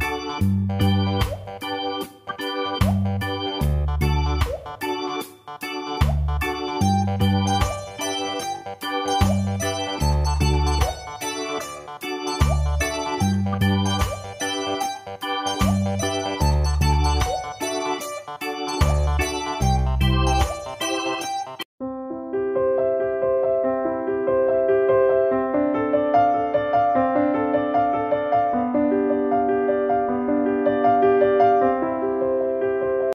Música